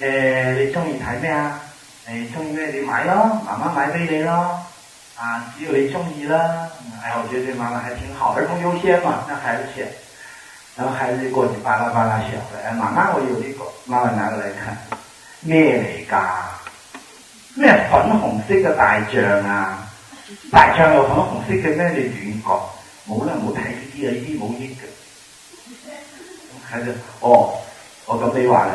誒、哎，你中意睇咩啊？你中意咩？你買咯，媽媽買俾你咯。啊，只要你中意啦。哎呀，我覺得媽媽還挺好，兒童優先嘛，讓孩子先。然後孩子就過去巴拉巴拉選，誒，媽媽我要呢、呢個，媽媽拿過嚟睇，咩嚟㗎？咩粉紅色嘅大象啊？大象有粉紅色嘅咩？你亂講，冇啦，冇睇呢啲啊，呢啲冇益嘅。孩子，哦，我咁你話啦。